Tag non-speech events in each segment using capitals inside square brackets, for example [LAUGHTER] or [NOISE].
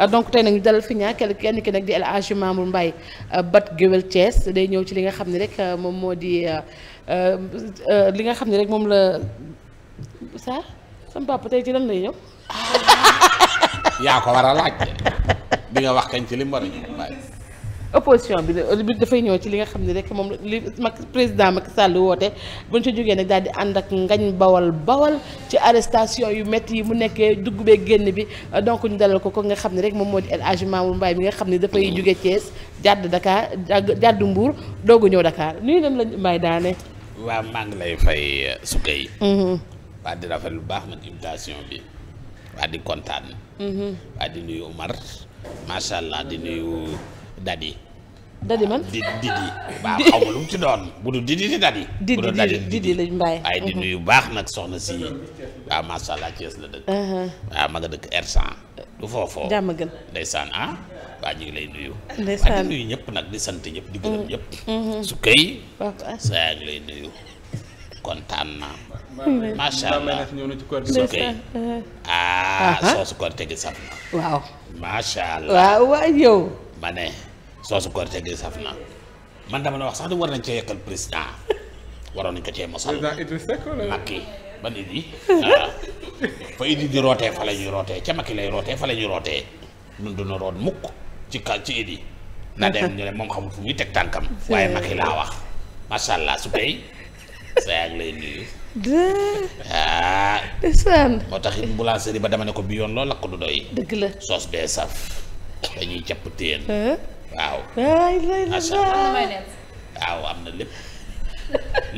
Euh, donc tey nag ñu dalal fi ñaar kenn ki nag di El Hadji Mamour Mbaye euh, bat géwél Thiès day ñëw ci li nga xam ne rek euh, moom moo di li nga xam ne rek moom la sa sama papa tey ci lan lay ñëw. [LAUGHS] yaa ko war a laaj bi nga wax kañ ci li war a ñëw opposition bi bi dafay ñëw ci li nga xam ne rek moom li Macky président Macky Sall woote buñ ci jógee nag daal di ànd ak ngañ bawal bawal ci arrestation yu métti yi mu nekkee dugg bee génn bi donc ñu dalal ko ko nga xam ne rek moom moo di El Hadji Mamour Mbaye bi nga xam ne dafay jóge Thiès jàdd Dakar jàdd Mbour doogu ñëw dakaar nuyu nañ la Mbaye daane. waa maa ngi lay fay euh, Soukeye. Mm-hmm. waa di rafet lu baax nag invitation bi. waa di kontaan. Mm-hmm. waa di nuyu Omar. macha allah dadi man di di di uh-huh. baax nag soxna si waaw macha allah Thiès la dëkk uh-huh. waaw ma nga dëkk r du foofoo jàmm gën ndeysaan ah waa ñu ngi lay nuyu waa di nuyu ñëpp nag di sant ñëpp di gërëm uh-huh. saf ah, na waaw macha allah waaw waaw yow ma ne soosu Korité gi saf na man dama ne wax sax di war nañ cee yekkal président waroon nañ ko cee mosal. président Idriss ba nit yi ah. fa Idi di rootee fa la rootee ca Macky lay rootee fa la ñuy rootee ñun du ñu root mukk ci ka ci Idi. na dem ñu ne moom xamul fu muy teg tànkam. waaye yi laa wax macha allah su tey saa lay nuyu. ah. isaan moo tax it ba dama ne ko bi yoon loolu lakk du doy. dëgg la soos bee saf dañuy capp téen waaw. macha allah waaw am na lépp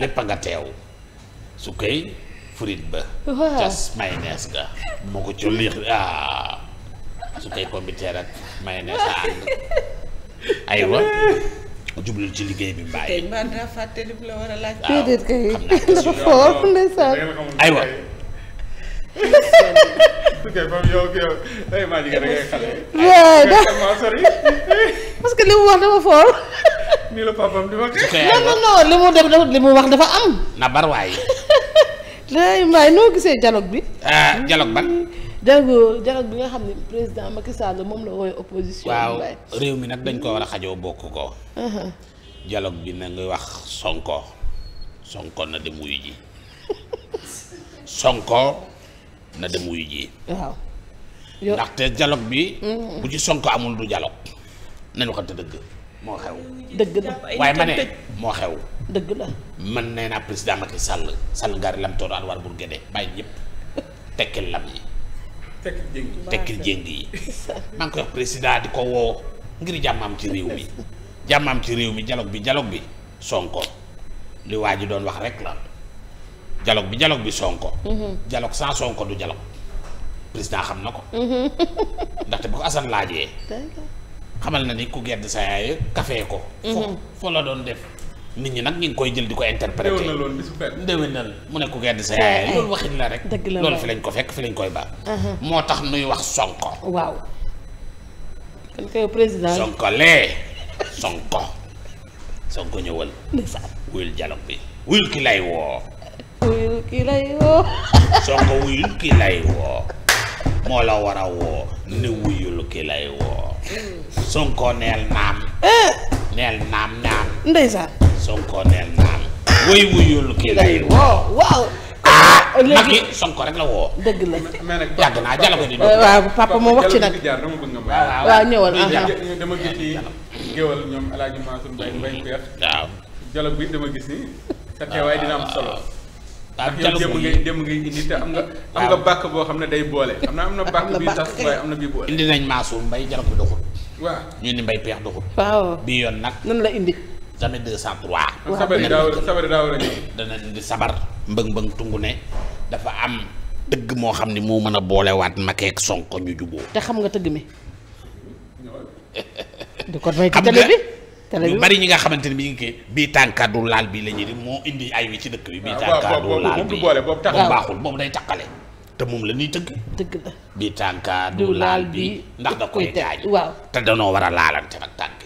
lépp a nga teew su koy fruit ba. waaw mayonnaise ga. moo ko ci liix ah su koy pombiteer ak mayonnaise a ànd aywa jublul ci liggéey bi mbaay. tey man fàtte li la war a laaj. waaw déedéet kay. [LAUGHS] aywa. expliqué comme yow que li mu wax dafa foor. nii la papaam di wax. non non non li mu def li mu wax dafa am. na bar waay. day maay noo gisee dialogue bi. ah dialogue ban. dialogue dialogue bi nga xam ne président Macky Sall moom la wooy opposition. waaw réew mi nag dañ ko war a xajoo bokk ko. Uh-huh. dialogue bi na wax Sonko Sonko na dem wuyu [LAUGHS] Sonko. na dem wuyu ji. waaw. ndaxte dialogue bi. bu ci Sonko amul du dialogue na nu dëgg moo xew. dëgg la waaye nee naa président Macky sàll Sall ngaari lam toor alwaar bur gédé bàyyi ñëpp tekkil lam yi. tekkil jéng yi tekkil jéng yi. [LAUGHS] président di ko woo ngir jàmmam ci réew mi jàmmam ci réew mi dialogue bi dialogue bi Sonko li waa ji doon wax rek la. dialogue bi dialogue bi Sonko. Mhm. dialogue sans Sonko du dialogue. président xam na ko. Mhm. [LAUGHS] ndaxte bu ko Assane laajee. xamal na ni ku gedd sa yaay kafee ko. fo mhm. foo la doon def. nit ñi nag ñu ngi koy jël di ko interpréter ndéwénal mu ne ku gedd sa yaay loolu waxin la rek. loolu fi lañ ko fekk fi lañ koy baax. moo tax nuy wax Sonko. waaw. kon kay président Sonko ñëwal. wuyul dialogue bi wuyul ki lay woo. kii lay woo. Sonko wuyul kii lay woo moo la war a woo ni wuyul kii lay woo. Sonko neel naam. Eh. neel naam naam. ndeysaan. Sonko neel naam. wuy wuyul kii lay woo waaw. Ah! Ah, léegi Macky Sonko rek la woo. dëgg la yàgg naa jàll ko di. Eh, waaw papa moo wax ci nag waaw ñëwal. dama gis waaw ah Jalle démb ngay te am nga. am nga bàkk boo xam ne day boole. am na am na bàkk bi tas waaye am na bi boole. indi nañ maasoo Mbaye jarab bi doxul. waaw ñu indi Mbaye peex bii yoon nag. nan la indi. tamit 203. waaw sabar yi daaw sabar yi daaw la dana indi sabar mbëng mbëng tungu ne dafa am dëgg moo xam ne moo mën a boolewaat Macky ak Sonko ñu juboo te xam nga tëgg mi. [LAUGHS] di ko may ñu bari ñi nga xamante ni bi ñu ngi bii tànkaadu laal bi la ñuy moo indi ay wi ci dëkk bi. Ah, bii tànkaadu laal bi moom baaxul moom day taqale. te moom la ñuy tëgg. dëgg la bii laal bi ndax da koy taaj waaw te danoo war a laalante nag tànk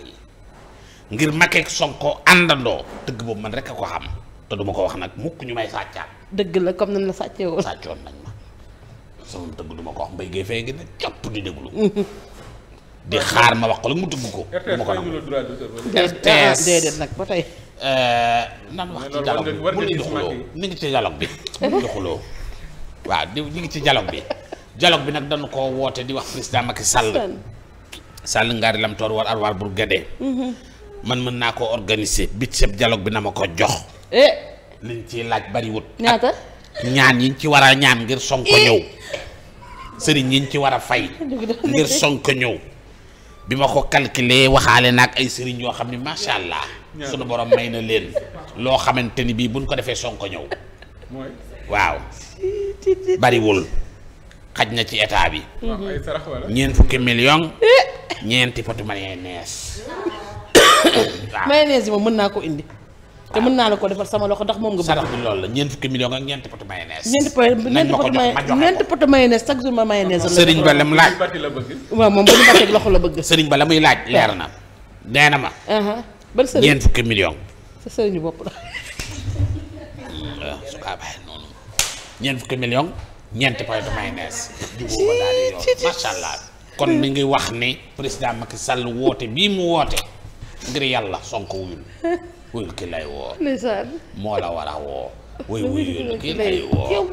ngir Macky Sonko àndandoo tëgg boobu man rekk a ko xam te duma ko wax nag mukk ñu may sàccaat. dëgg la comme nañ la sàccee woo sàccoon nañ ma sama tëgg duma ko wax mbéy gee fee ngi ne copp di déglu. [LAUGHS] di xaar ma wax ko la mu dugg ko. du ko nangu RTS ah, déedéet nag ba tey. Euh, nan wax ci dialogue mu ngi xuloo mi ngi ci bi mu waaw di ñu ngi ci dialogue bi dialogue bi nag dañu ko woote di wax président Macky Sall. Sall ngaari lam toor war arwaar bur gede mm-hmm. mën naa koo organiser bit seb dialogue bi na ko jox. Eh. liñ ciy laaj bariwut. ñaata ñaan yiñ ci war a ñaan ngir Sonko eh. ñëw. sëriñ yiñ ci war a fay. [LAUGHS] ngir Sonko ñëw. bi ma ko calculé waxaale naag ay sëriñ yoo xam ne macha allah. sunu borom may na leen. loo xamante ni bii buñ ko defee sonko ñëw. waaw. bariwul xaj na ci état bi. ñeent fukki million. ñeenti potu mayonnaise. [COUGHS] waaw mayonnaise moom mën naa ko indi. te mën naa la ko defal sama loxo ndax moom nga bëgg sarax bi loolu la ñeent fukki million ak moom ba la bëgg sëriñ ba muy laaj leer na nee na ma uh-huh. ban sëriñ ñeent fukki million sa sëriñu bopp la [LAUGHS] su ñeent fukki million ñeenti poto mayonnaise jubóo ko macha allah kon mi ngi wax ni président Macky Sall woote bii mu woote ngir yàlla sonko wuyul wuyul ki lay woo. ndeysaan woo. Hmm. wuy wuyul ki lay woo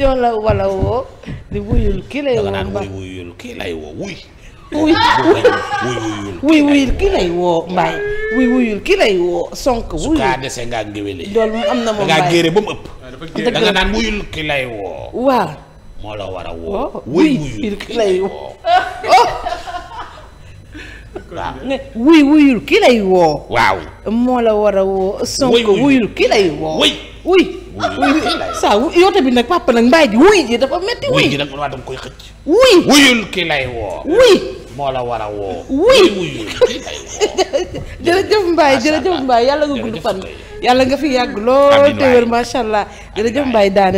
yow la wala woo di wuyul ki lay woo. da nga mbaay wuy wuyul ki lay woo sonk wuyul su kaa dese ngaa ngéwéle loolu moom am na moom mbaay da ëpp da nga naan wuyul ki lay woo waaw moo la war woo oh, wuy wuyul ki lay woo oh. waaw ne wuy wuyul ki lay woo. waaw moo la war a woo. Sonko wuyul ki lay woo. wuy wuy. saa yoo bi nag papa nag mbaay ji wuy ji dafa metti wuy ji da nga koy xëcc. wuy wuyul ki woo. wuy la war woo. wuy wuyul ki lay woo. [LAUGHS] jërëjëf mbaay jërëjëf yàlla nga gudd fan. yàlla nga fi yàgg lool te wér macha allah jërëjëf mbaay daane.